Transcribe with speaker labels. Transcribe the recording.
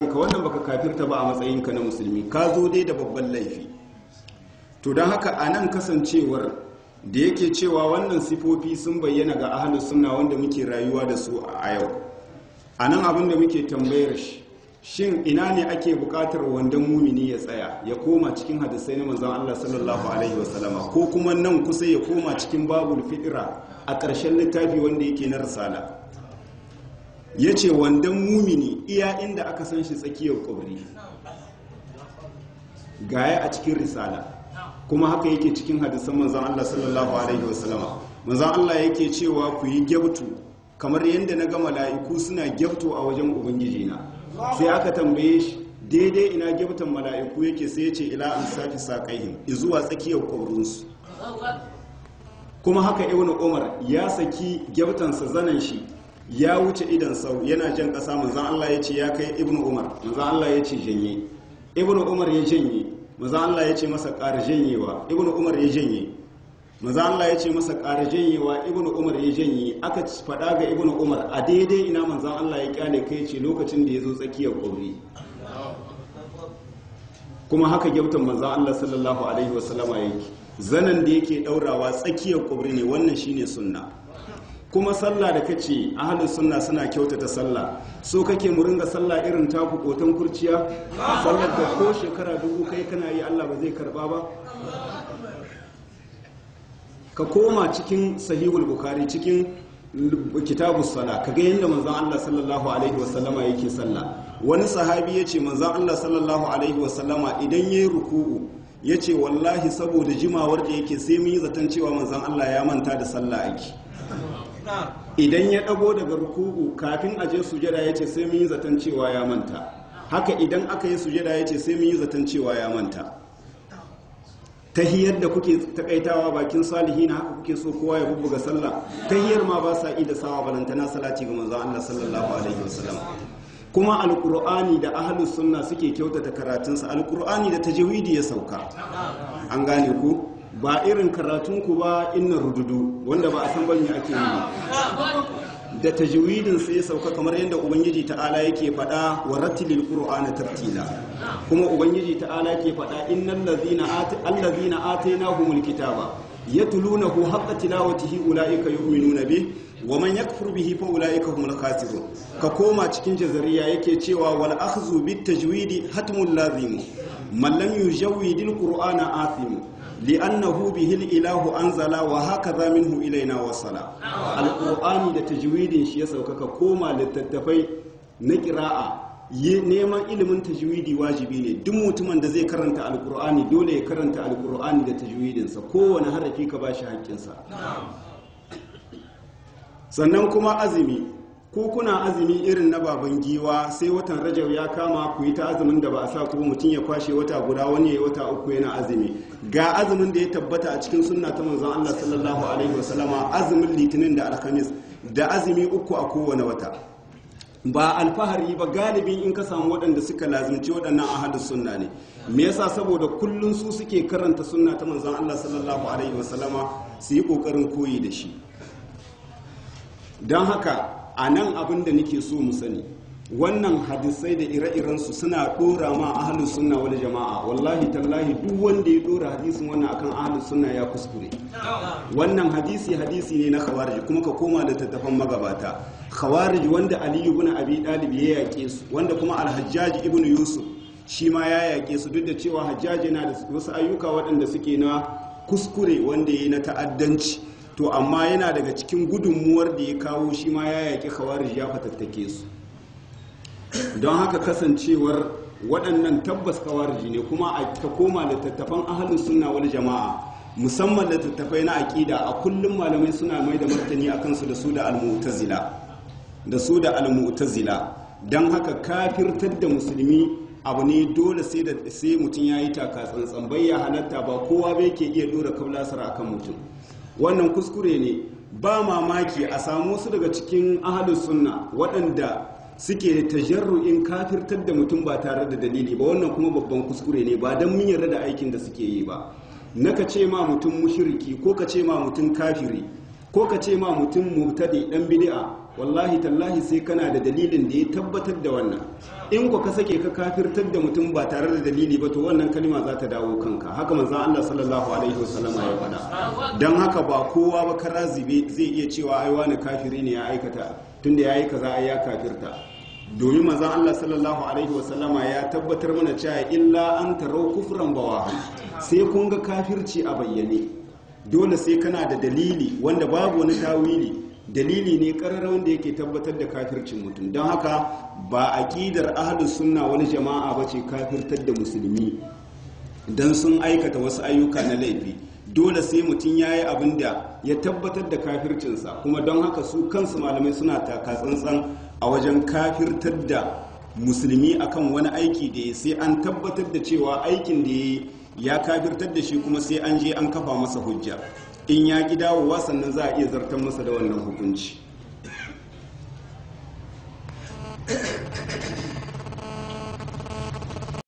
Speaker 1: ka wannan baka kafirta ba a matsayinka na musulmi ka zo dai da babban laifi to don haka a nan kasancewar da yake cewa wannan sifofi sun bayyana ga ahalus suna wanda muke rayuwa da su a yau a nan abin da muke tambayar shi shin ina ne ake bukatar wandon mumini ya tsaya ya koma cikin hadisai na manzon Allah sallallahu alaihi wasallama ko kuma nan kusa ya koma cikin babul fitira a ƙarshen littafi wanda yake na risala ya ce wandan mumini iya inda aka san shi tsakiyar ƙwari gaya a cikin risala kuma haka yake cikin hadisan manzan Allah sallallahu alaihi wasallama manzan Allah yake cewa ku yi gyabtu kamar yadda na ga mala'iku suna gyabtu a wajen ubangiji na, sai aka tambaye shi daidai ina gyabtan mala'iku yake sai ya ce ila an safi saƙaihim zuwa tsakiyar ƙwabrinsu kuma haka ibn umar ya saki gyabtansa zanen shi ya wuce idan sau yana jan ƙasa manzan Allah ya ce ya kai ibn umar manzan Allah ya ce janye ibn umar ya janye manzan Allah ya ce masa ƙara janyewa ibn umar ya janye manzan Allah ya ce masa ƙara janyewa ibn umar ya janye aka faɗa ga ibn umar a daidai ina manzan Allah ya kyale kai ce lokacin da ya zo tsakiyar ƙauri kuma haka gyautan manzan Allah sallallahu alaihi wasallama yake zanen da yake ɗaurawa tsakiyar ƙauri ne wannan shine sunna kuma sallah da kace ahalin sunna suna kyautata sallah so kake mu ringa sallah irin taku kotan kurciya sallar da ko shekara dubu kai kana yi Allah ba zai karba ba ka koma cikin sahihul bukhari cikin kitabus sala kaga yanda manzon Allah sallallahu alaihi wasallama yake sallah wani sahabi yace manzon Allah sallallahu alaihi wasallama idan yayi ruku'u yace wallahi saboda jimawar da yake sai mun yi zaton cewa manzon Allah ya manta da sallah ke. idan ya ɗago daga ruku'u kafin a je sujada ya ce sai mun yi zaton cewa ya manta haka idan aka yi sujada ya ce sai mun yi zaton cewa ya manta tahiyar da kuke takaitawa bakin Salihi na haka kuke so kowa ya bubbuga sallah tahiyar ma ba sa ida sawa balantana salati ga manzo Allah sallallahu alaihi wasallam kuma alkur'ani da ahlus sunna suke kyautata karatunsa alkur'ani da tajwidi ya sauka an gane ku ba irin karatunku ba inna rududu wanda ba a san ban ake yi da tajwidin sai ya sauka kamar yadda ubangiji ta'ala yake faɗa wa rattilil qur'ana tartila kuma ubangiji ta'ala yake faɗa innal ladzina alladzina atainahumul kitaba yatlunahu haqqa tilawatihi ulaika yu'minuna bih wa man yakfur bihi fa ulaika humul khasirun ka koma cikin jazariya yake cewa wal akhdhu bit tajwidi hatmul mallam yujawidil qur'ana athim li'annahu bihil ilahu anzala wa hakaza minhu ilaina wasala Alƙur'ani da tajwidin shi ya saukaka koma littattafai na qira'a neman ilimin tajwidi wajibi ne duk mutumin da zai karanta alqur'ani dole ya karanta alqur'ani da tajwidinsa kowane harafi ka bashi haƙƙinsa sannan kuma azumi ko kuna azumi irin na baban giwa sai watan rajab ya kama ku yi ta azumin da ba a sa ko mutum ya kwashe wata guda wani ya wata uku yana azumi ga azumin da ya tabbata a cikin sunna ta manzon Allah sallallahu alaihi wasallama azumin litinin da alhamis da azumi uku a kowane wata ba alfahari ba galibin in ka samu waɗanda suka lazimci waɗannan ahadus sunna ne me yasa saboda kullun su suke karanta sunna ta manzon Allah sallallahu alaihi wasallama su yi kokarin koyi da shi don haka a nan abin da nake so mu sani wannan hadisai da ire-irensu suna dora ma ahalin suna wani jama'a wallahi tallahi duk wanda ya dora hadisin wannan akan ahalin sunna ya kuskure wannan hadisi hadisi ne na khawarij kuma ka koma da tattafan magabata khawarij wanda aliyu ibn abi dalib ya yaƙe su wanda kuma alhajjaji ibn yusuf shi ma ya yaƙe su duk da cewa hajjaji na da wasu ayyuka waɗanda suke na kuskure wanda ya yi na ta'addanci to amma yana daga cikin gudunmuwar da ya kawo shi ma ya yaƙi khawarij ya fatattake su don haka kasancewar waɗannan tabbas kawar ne kuma a ta koma littattafan ahalin suna wani jama'a musamman littattafai na aƙida a kullum malamai suna mai da martani a kansu da su da almu'tazila da su da almu'tazila don haka kafirtar da musulmi abu ne dole sai da sai mutum ya yi taka tsantsan bai ya halatta ba kowa bai ke iya dora kaulasar kan mutum wannan kuskure ne ba mamaki a samu su daga cikin ahalus sunna waɗanda suke da tajarru'in kafirtar da mutum ba tare da dalili ba wannan kuma babban kuskure ne ba don mun yarda da aikin da suke yi ba na ka ce ma mutum mushiriki ko ka ce ma mutum kafiri ko ka ce ma mutum mubtadi dan bid'a wallahi tallahi sai kana da dalilin da ya tabbatar da wannan in ku ka sake ka kafirtar da mutum ba tare da dalili ba to wannan kalima za ta dawo kanka haka manzo Allah sallallahu alaihi wasallam ya faɗa dan haka ba kowa ba karazibe zai iya cewa ai wani kafiri ne ya aikata tunda yayi kaza ai ya kafirta domin manzo Allah sallallahu alaihi wasallam ya tabbatar mana cewa illa an tarau kufran bawahan sai kun ga kafirci a bayyane dole sai kana da dalili wanda babu wani tawili dalili ne ƙararra da yake tabbatar da kafircin mutum don haka ba aƙidar ahlus sunna wani jama'a ba ce kafirtar da musulmi don sun aikata wasu ayyuka na laifi dole sai mutum ya yi abin da ya tabbatar da kafircinsa kuma don haka su kansu malamai suna taka tsantsan a wajen kafirtar da musulmi akan wani aiki da ya sai an tabbatar da cewa aikin da ya kafirtar da shi kuma sai an je an kafa masa hujja in ya gida dawowa sannan za a iya zartar masa da wannan hukunci